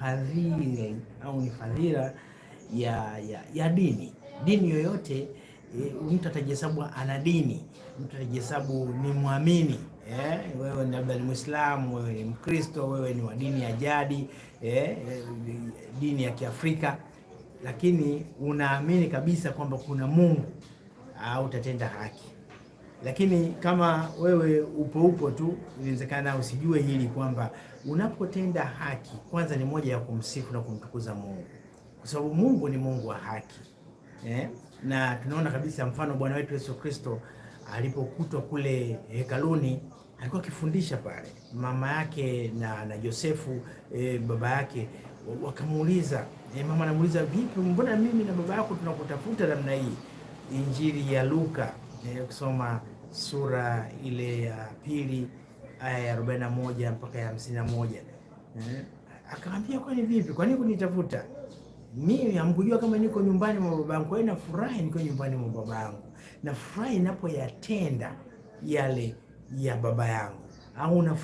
fadhili au ni fadhila ya, ya, ya dini. Dini yoyote e, mtu atajihesabu ana dini, mtu atajihesabu ni mwamini eh, wewe labda ni Muislamu, wewe ni Mkristo, wewe ni wa dini ya jadi eh, dini ya Kiafrika, lakini unaamini kabisa kwamba kuna Mungu au utatenda haki. Lakini kama wewe upo upo tu, inawezekana usijue hili kwamba unapotenda haki kwanza ni moja ya kumsifu na kumtukuza Mungu, kwa sababu Mungu ni Mungu wa haki eh? Na tunaona kabisa mfano Bwana wetu Yesu Kristo alipokutwa kule hekaluni alikuwa akifundisha pale, mama yake na, na Yosefu e, baba yake wakamuuliza e, mama anamuuliza vipi, mbona mimi na baba yako tunakutafuta namna hii? Injili ya Luka eh, kusoma sura ile ya pili aya ya 41 mpaka ya 51. Eh, akamwambia kwani vipi? Kwa nini kunitafuta? Mimi hamkujua kama niko nyumbani mwa baba Kwa hiyo nafurahi niko nyumbani mwa baba yangu Nafurahi napoyatenda yale ya baba yangu. Au na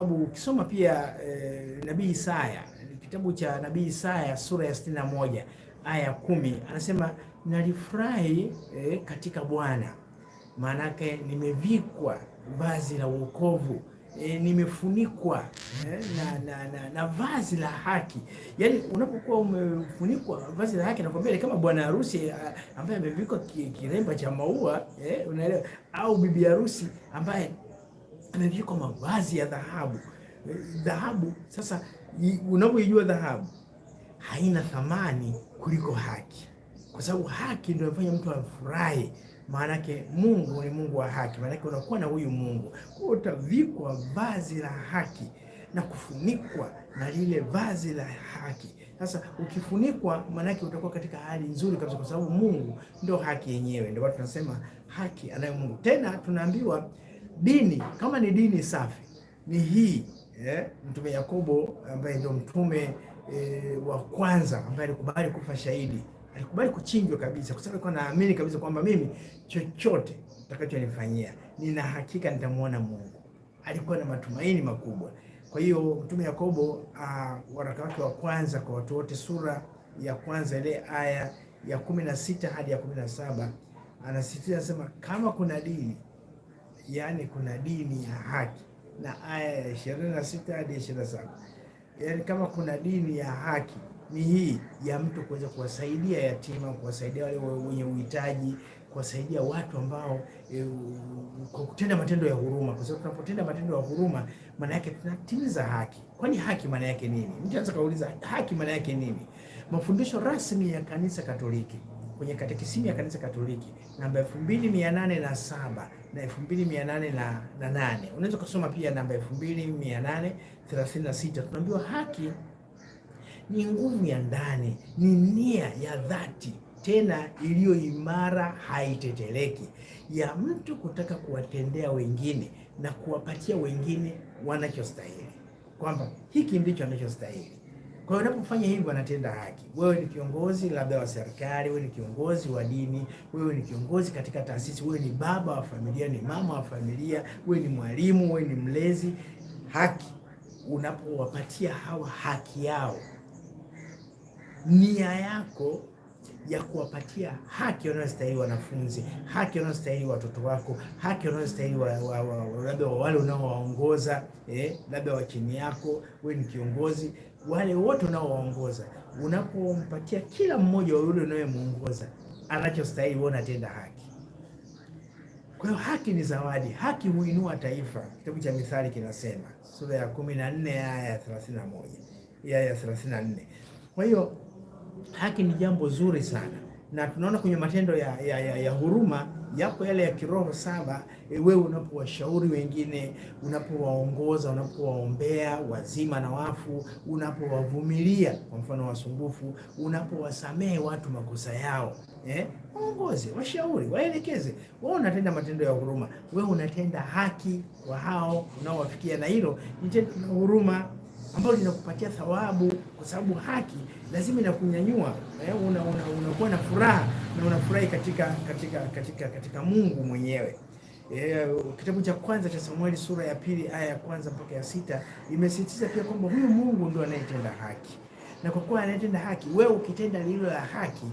ukisoma pia eh, Nabii Isaya, kitabu cha Nabii Isaya sura ya 61 aya ya kumi anasema nalifurahi eh, katika Bwana, yake nimevikwa vazi la wokovu eh, nimefunikwa eh, na, na, na, na vazi la haki. Yaani unapokuwa umefunikwa vazi la haki, nakwambia kama bwana harusi eh, ambaye amevikwa kiremba cha maua eh, unaelewa, au bibi harusi ambaye amevikwa mavazi ya dhahabu eh, dhahabu. Sasa unapoijua dhahabu haina thamani kuliko haki, kwa sababu haki ndio inafanya mtu afurahi. Maanake Mungu ni Mungu wa haki, yake unakuwa na huyu Mungu. Kwa hiyo utavikwa vazi la haki na kufunikwa na lile vazi la haki. Sasa ukifunikwa, yake utakuwa katika hali nzuri kabisa, kwa sababu Mungu ndio haki yenyewe. Ndio watu tunasema haki anayo Mungu. Tena tunaambiwa dini, kama ni dini safi ni hii eh, Mtume Yakobo ambaye ndio mtume e, wa kwanza ambaye alikubali kufa shahidi, alikubali kuchinjwa kabisa, kwa sababu alikuwa naamini kabisa kwamba mimi chochote nitakachonifanyia, nina hakika nitamwona Mungu. Alikuwa na matumaini makubwa. Kwa hiyo mtume Yakobo ah, waraka wake wa kwanza kwa watu wote sura ya kwanza ile aya ya kumi na sita hadi ya kumi na saba anasisitiza anasema, kama kuna dini, yaani kuna dini ya haki, na aya ya ishirini na sita hadi ishirini na saba yani kama kuna dini ya haki ni hii ya mtu kuweza kuwasaidia yatima, kuwasaidia wale wenye uhitaji, kuwasaidia watu ambao e, kwa kutenda matendo ya huruma, kwa sababu tunapotenda matendo ya huruma maana yake tunatimiza haki. Kwani haki maana yake nini? Mtu anaweza kauliza haki maana yake nini? Mafundisho rasmi ya kanisa Katoliki kwenye katekisimu ya kanisa Katoliki namba 2807 na 2808. Unaweza kusoma pia namba 2836. Tunaambiwa haki ni nguvu ya ndani, ni nia ya dhati tena iliyo imara, haiteteleki, ya mtu kutaka kuwatendea wengine na kuwapatia wengine wanachostahili, kwamba hiki ndicho anachostahili kwa hiyo unapofanya hivyo anatenda haki. Wewe ni kiongozi labda wa serikali, wewe ni kiongozi wa dini, wewe ni kiongozi katika taasisi, wewe ni baba wa familia, ni mama wa familia, wewe ni mwalimu, wewe ni mlezi. Haki unapowapatia hawa haki yao, nia yako ya kuwapatia haki wanayostahili wanafunzi, haki wanayostahili watoto wako, haki wanayostahili wa, wa, wa, labda wa wale unaowaongoza eh, labda wa chini yako, wewe ni kiongozi wale wote unaowaongoza, unapompatia kila mmoja wa yule unayemwongoza anachostahili, wewe unatenda haki. Kwa hiyo haki ni zawadi, haki huinua taifa. Kitabu cha Mithali kinasema sura ya 14 aya ya 31, aya ya 34. Kwa hiyo haki ni jambo zuri sana, na tunaona kwenye matendo ya, ya, ya, ya huruma yapo yale ya kiroho saba. E, wewe unapowashauri wengine, unapowaongoza, unapowaombea wazima na wafu, unapowavumilia kwa mfano wasumbufu, unapowasamehe watu makosa yao eh? Waongoze, washauri, waelekeze. Wewe unatenda matendo ya huruma, wewe unatenda haki kwa hao unaowafikia, na hilo ni tendo la huruma ambalo linakupatia thawabu, kwa sababu haki lazima inakunyanyua eh, unakuwa una, una na furaha na unafurahi katika, katika, katika, katika Mungu mwenyewe. E, kitabu cha kwanza cha Samueli sura ya pili aya ya kwanza mpaka ya sita imesisitiza pia kwamba huyu Mungu ndio anayetenda haki, na kwa kuwa anayetenda haki, wewe ukitenda lilo la haki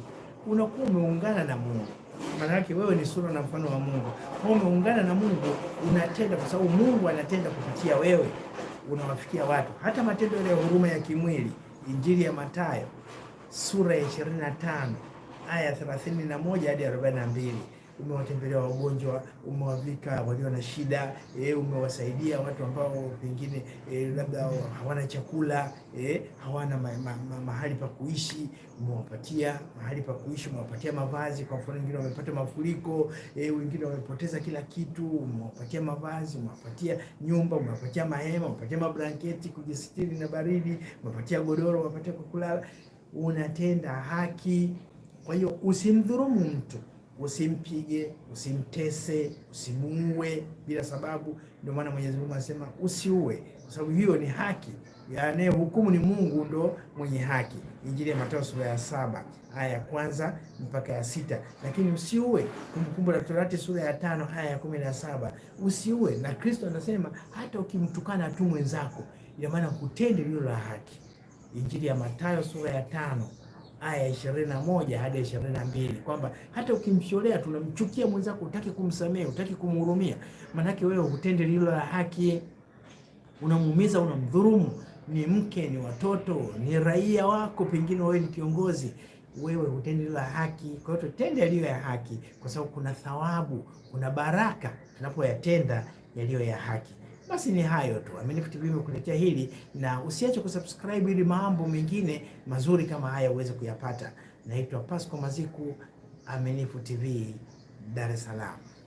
unakuwa umeungana na Mungu. Maana yake wewe ni sura na mfano wa Mungu, kwa umeungana na Mungu, unatenda kwa sababu Mungu anatenda kupitia wewe, unawafikia watu. Hata matendo ya huruma ya kimwili, Injili ya Mathayo sura ya 25 aya 31 hadi 42. Umewatembelea wagonjwa, umewavika walio na shida e, umewasaidia watu ambao pengine e, labda hawana chakula e, hawana ma, ma, ma, mahali pa kuishi, umewapatia mahali pa kuishi, umewapatia mavazi. Kwa mfano, wengine wamepata mafuriko e, wengine wamepoteza kila kitu, umewapatia mavazi, umewapatia nyumba, umewapatia mahema, umewapatia mablanketi kujisitiri na baridi, umewapatia godoro, umewapatia kukulala. Unatenda haki. Kwa hiyo usimdhulumu mtu, usimpige, usimtese, usimuue bila sababu. Ndio maana Mwenyezi Mungu anasema usiue, kwa sababu hiyo ni haki, yaani hukumu ni Mungu ndo mwenye haki. Injili ya Mathayo sura ya saba aya ya kwanza mpaka ya sita. Lakini usiue, Kumbukumbu la Torati sura ya tano aya ya kumi na saba usiue. Na Kristo anasema hata ukimtukana tu mwenzako, ina maana kutende lilo la haki. Injili ya Mathayo sura ya tano aya ishirini na moja hadi ishirini na mbili kwamba hata ukimsholea tunamchukia mwenzako, utaki kumsamehe, utaki kumhurumia, maanake wewe hutende lilo la haki, unamuumiza, unamdhurumu. Ni mke, ni watoto, ni raia wako, pengine wewe ni kiongozi wewe hutendi la haki. Kwa hiyo tutende yaliyo ya haki, kwa sababu kuna thawabu, kuna baraka tunapoyatenda yaliyo ya haki. Basi ni hayo tu. Aminifu TV imekuletea hili, na usiache kusubscribe ili mambo mengine mazuri kama haya uweze kuyapata. Naitwa Pasco Maziku, Aminifu TV, Dar es Salaam.